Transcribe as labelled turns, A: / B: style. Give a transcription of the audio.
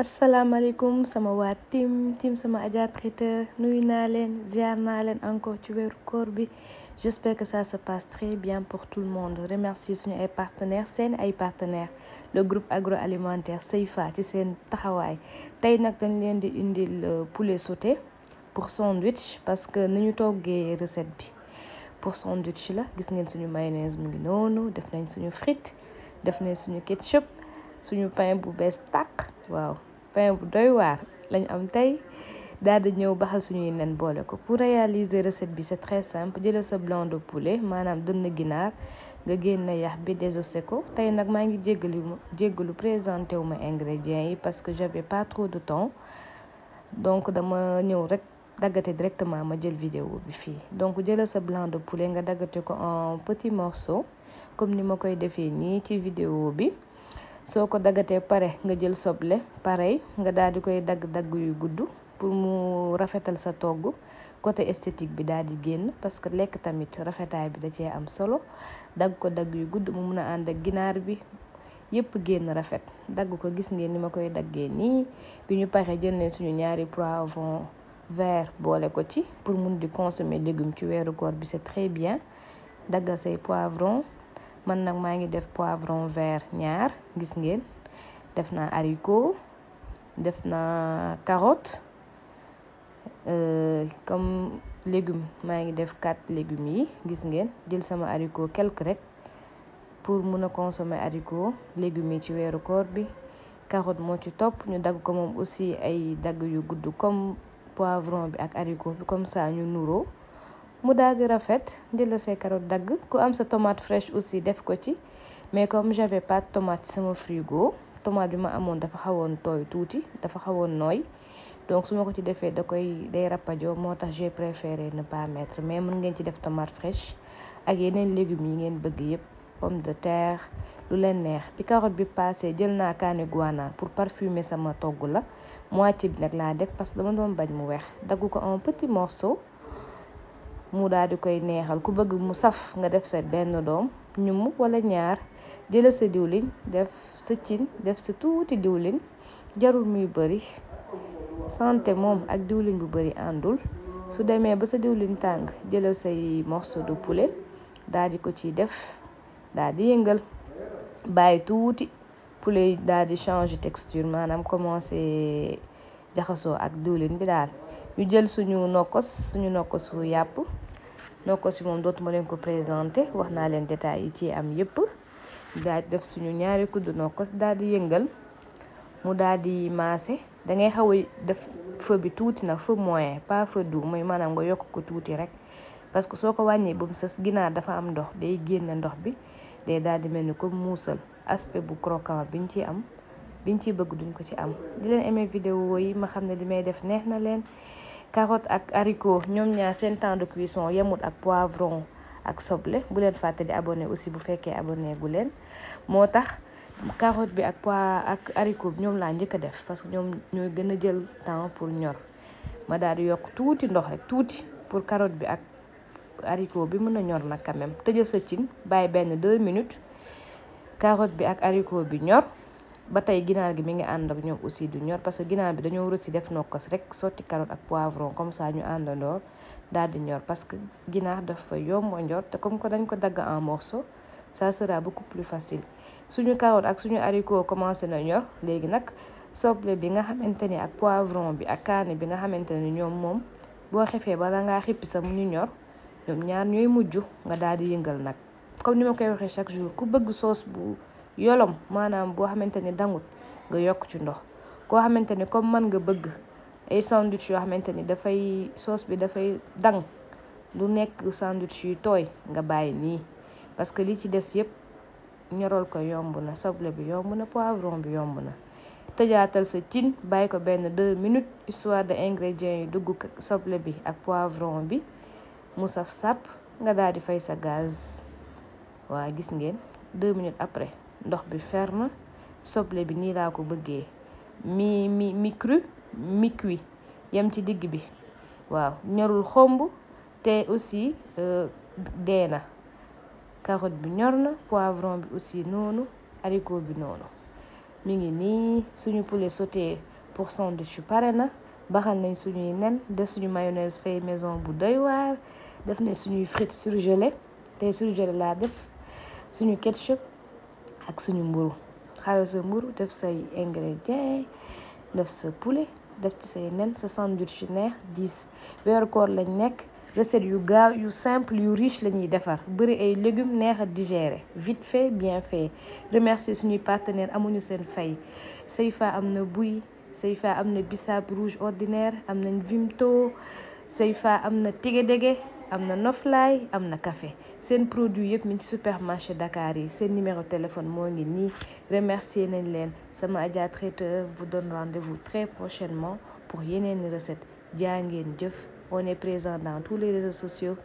A: alaykum sama waa tim tim sama Adja Traiteur alen, naa len ziar encore ci weeru koor bi j'espère que ça se passe très bien pour tout le monde Remercie suñu ay partenaires sen ay partenaires le groupe agroalimentaire Seifa ci sen taxaway tay nak dañ len di indil euh, poulet sauté pour sandwich parce que nous toggé une recette bi pour sandwich la gis ngeen suñu mayonnaise mu ngi noonu def nañ suñu frite def nañ suñu ketchup suñu pain bu bees tak waaw pain bu doy waar lañ am tay daal di ñëw baxal suñuy nen boole ko pour réaliser recette bi c'est très simple jëlee sa blanc de poulet maanaam dënn ginaar nga génne yax bi désossé ko tey nag maa ngi jéggalu jéggalu présenté wu ma ingrédients yi parce que j'avais pas trop de temps donc dama ñëw rek daggate directement ma jël vidéo bi fii donc jëlee sa blanc de poulet nga daggate ko en petit morceau comme ni ma koy defee nii ci vidéo bi soo ko dagatee pare nga jël soble parey nga daal di koy dagg-dagg yu gudd pour mu rafetal sa togg côté esthétique bi daal di génn parce que lekk tamit rafetaay bi da cee am solo dagg ko dagg yu gudd mu mun a ànd ak ginaar bi yëpp génn rafet dagg ko gis ngeen ni ma koy daggee nii bi ñu paree jël nañ suñu ñaari poivron vert boole ko ci pour mun di consommer légume ci weeru koor bi c'est très bien daggal say poivron man nak maa ngi def poivron vert ñaar gis ngeen def na haricot def naa carotte euh, comme légumes maa ngi def quatre légumes yi gis ngeen jël sama haricot quelque rek pour mun a consommer haricot légumes yi ci wéru koor bi carotte moo ci topp ñu dagg ko moom aussi ay dagg yu gudd comme poivron bi ak haricot bi comme ça ñu nuroo mu daal di rafet jël say carottes dagg ku am sa tomate fraîche aussi def ko ci mais comme j'avais pas de tomate sama frigo tomate bi ma amoon dafa xawoon tooy tuuti dafa xawoon nooy donc su ma ko ci defee da koy day rappajo moo tax j'ai préféré ne pas mettre mais mën ngeen ci def tomate fraîche ak yeneen légumes yi ngeen bëgg yépp pomme de terre lu leen neex bi carotte bi passé jël naa kaani guana pour parfumer sama togg la moitié bi nag laa def parce que dama doon bañ mu weex dagg ko en petit morceau mu daal di koy neexal ku bëgg mu saf nga def sa benn doom ñum wala ñaar jëla sa diwlin def sa cin def sa tuuti diwlin jarul muy bëri santé moom ak diwlin bu bëri àndul su demee ba sa diwlin tàng jëlal say morceau de poulet daal di ko ci def daal di yëngal bàyyi tuuti poulet daal di changer texture maanaam commencé jaxasoo ak diwlin bi daal ñu jël suñu nokkos suñu nokkosu yàpp nokkos yi moom ma leen ko présenté wax naa leen détails yi ci am yëpp daal def suñu ñaari kuddu nokkos daal di yëngal mu daal di maase da ngay xaw a def feu bi tuuti nag feu moyen pas feu doux mooy maanaam nga yokk ko tuuti rek parce que soo ko wàññee ba mu sës ginaar dafa am ndox day génn ndox bi day daal di mel ni comme muusal aspect bu croquant biñ ci am biñ ciy bëgg duñ ko ci am di leen aimé vidéo yi ma xam ne li may neex na leen carotte ak haricot ñom ñaar sen temps de cuisson yemut ak poivron ak soble bu len fàtte di abonné aussi bu féké abonné gu len motax carotte bi ak pois ak haricot ñom la ñëk def parce que ñom ñoy gëna jël temps pour ñor ma daal di touti ndox rek touti pour carotte bi ak haricot bi mëna ñor nak quand même tëjal sa cin bàyyi benn deux minutes carotte bi ak haricot bi ñor ba tey ginaar gi mi ngi ànd ak ñoom aussi du ñor parce que ginaar bi dañoo rëcc def nokkos rek sotti carotte ak poivron comme ça ñu àndandoo daal di ñor parce que ginaar dafa yomb a ñor te comme que dañ ko dagg en morceaux sa sera beaucoup plus facile suñu carotte ak suñu haricot commencé na ñor léegi nag soble bi nga xamante ni ak poivron bi ak kaani bi nga xamante ni ñoom moom boo xefee bala ngaa xippi sa mu ñu ñor ñoom ñaar ñooy mujj nga daal di yëngal nag comme ni koy waxee chaque jour ku bëgg sauce yolom maanaam boo xamante ni dangut nga yokk ci ndox koo xamante ni comme man nga bëgg ay sandwich yoo xamante ni dafay sauce bi dafay dang du nekk sandwich yu tooy nga bàyyi nii parce que li ci des yëpp ñorol ko yomb na soble bi yomb na poivron bi yomb na tëjaatal sa cin bàyyi ko benn deux minutes histoire de ingrédients yi dugg soble bi ak poivron bi mu saf sàpp nga daal di fay sa gaz waa gis ngeen deux minutes après ndox bi ferme soble bi nii laa ko mi mi mi cru mi cuit yem ci digg bi waaw ñorul xomb te aussi euh, dee na carotte bi ñor na poivron bi aussi noonu haricot bi noonu mi ngi nii suñu poulet sauté pour son de pare na baxal nañ suñuy nen def suñu mayonnaise fait maison bu doy waar def nañ suñuy frites surgelées tey surgelé laa def suñu ketchup ak suñu mburu xaaral sa mburu def say ingrédients def sa poulet def ci say nen sa sandwich neex diis weeru koor lañ nekk recette yu gaaw yu simple yu riche la ñuy defar bëri ay légumes neex a digérer vite fait bien fait remercier suñuy partenaire amuñu seen fay Seifa am na buy Seifa am na bisaab rouge ordinaire am nañ Vimto Seifa am na tigedege amna un amna café sen produit yëpp mi supermarché d'Akari. C'est numéro numéro téléphone mo ngi ni remercier nañ leen sama traiteur vous donne rendez-vous très prochainement pour une recette on est présent dans tous les réseaux sociaux